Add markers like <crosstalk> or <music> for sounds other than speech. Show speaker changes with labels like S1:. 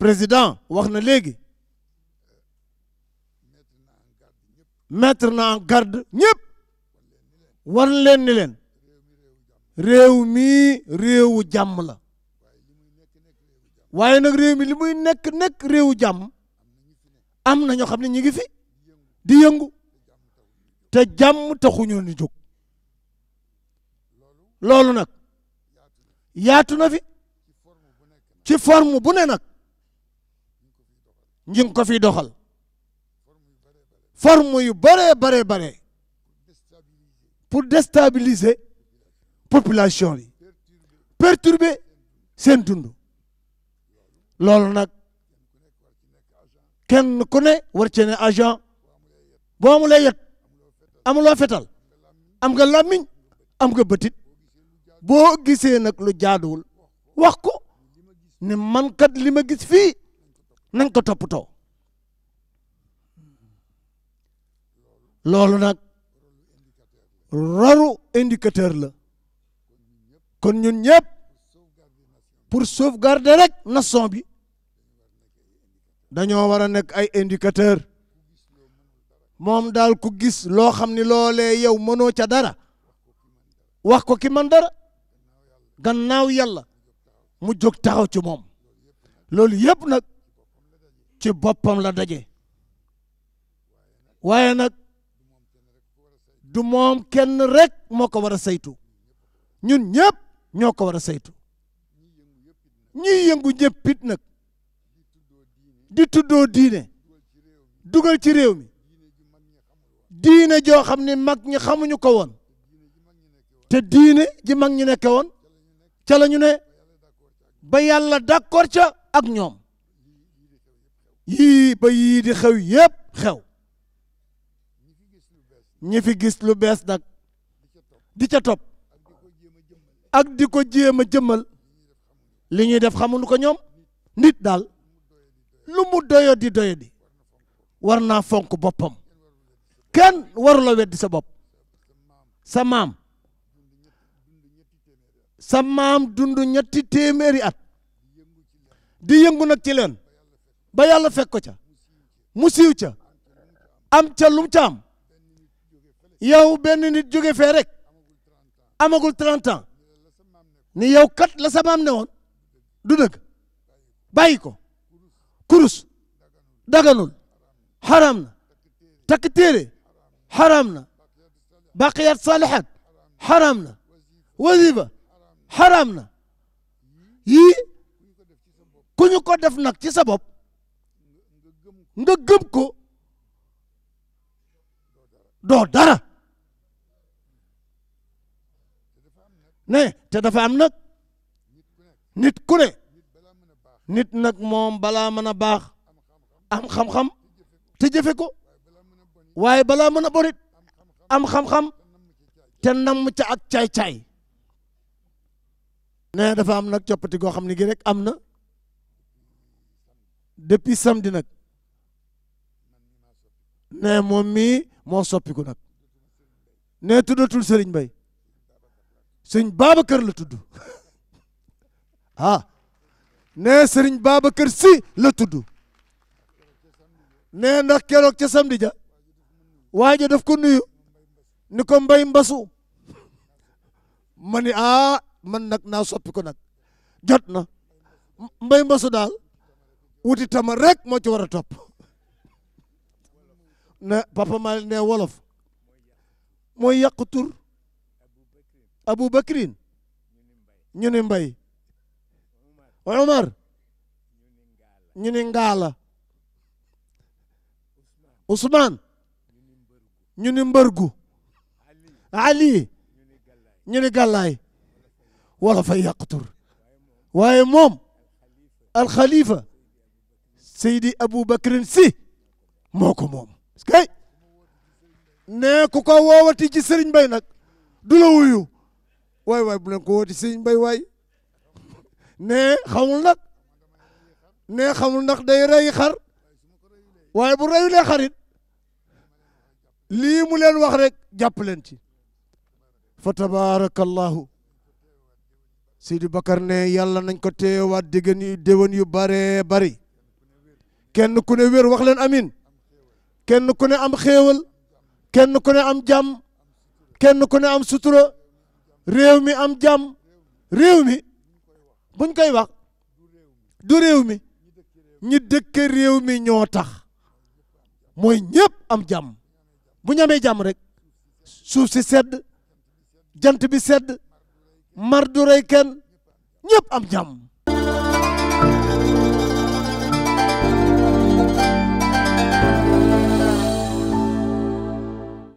S1: président wax na léegi metre na en garde ñëpp wan leen ni leen réew mi réewu jàmm la waaye nag réew mi li muy nekk nekk réewu jàmm am na ñoo xam ne ñu ngi fi di yëngu te jàmm taxuñu ñu jóg loolu nag yaatu na fi ci forme bu ne nag ñi ngi ko doxal forme yu bëree bare bare pour destabilise population yi perturber seen dund loolu nag kenn ku ne war cee ne agent boo amulee yet amuloo fetal am nga làmmiñ am nga bëtit boo gisee nag lu jaaduwul wax ko man kat li gis fii nañ ko toppatoo loolu nag roru indicateur la kon ñun ñëpp pour sauvegarder rek nation bi dañoo war a nekk ay indicateur moom daal ku gis loo xam ni loole yow mënoo ca dara wax ko ki man dara gannaaw yàlla mu jóg taxaw ci moom loolu yëpp nag ci boppam la daje waaye nag du moom kenn rek moo ko war a saytu ñun ñëpp ñoo ko war a saytu ñiy yëngu ñëppit nag di tuddoo diine dugal ci réew mi diine joo xam ne mag ñi xamuñu ko woon te diine ji mag ñi nekke woon ca la ñu ne ba yàlla d'accord ca ak ñoom yi ba yi di xew yeb xew ñi fi gis lu bes nak di ca top ak di ko jéem jëmmal li ñuy def xamuñu ko ñom nit dal lu mu doyo di doyo di Warna fonk bopam ken waru la wedd sa bop sa mam sa mam dundu ñetti téméri at di yëngu nak ci ba yàlla fekk ko ca mu siiw ca am ca lu ca am yow benn nit jóge fee rek amagul 30 ans ni yow kat la sa maam ne woon du dëgg bàyyi ko kurus daganul haram na takk téere xaraam na baqiyat saalihat xaraam na wasiba xaraam na yii ku ñu ko def nag ci sa bopp nga gëm ko doo dara ne te dafa am nag nit ku ne nit nag moom balaa mën a baax am xam-xam te jëfe ko waaye balaa mën a bonit am xam-xam te nam ca ak caay-caay ne dafa am nag coppati goo xam ne gi rek am na depuis samedi nag ne moom mii moo soppiku nag ne tuddatul Serigne Mbaye sëñ kër la tudd <laughs> ah ne Serigne Babacar si la tudd ne ndax keroog ca samedi ja waaja daf ko nuyu ni ko mbay mbasu <laughs> mani ni ah, man nag naa soppi ko nag jot na mbay mbasu daal wuti tama rek moo ci war a topp <laughs> ne Papa Malick ne wolof mooy yàq tur Abu Bakrin ñu ni Mbay Omar ñu ni Ngaala Ousmane ñu ni Mbërgu Ali ñu ni Gàllaay wala fay yàq tur waaye moom alxalifa Seydi Abu Bakrin si moo ko moom kay ne ku ko woowati ci sëriñ bay nag du la wuyu waay waay bu leen ko woowati sëriñ bay waay ne xamul nag ne xamul nag day rey xar waaye bu reyulee xarit lii mu leen wax rek jàpp leen ci fa tabaarakallahu Sidi Bakar ne yàlla nañ ko teewaat déggan yu déwén yu bare bari kenn ku ne wér wax leen amin kenn ku ne am xéewal kenn ku ne am jàmm kenn ku ne am sutura réew mi am jàmm réew mi buñ koy wax du réew mi ñi dëkk réew mi ñoo tax mooy ñëpp am jàmm bu ñu amee jàmm rek suuf si sedd jant bi sedd mar du rey kenn ñëpp am jàmm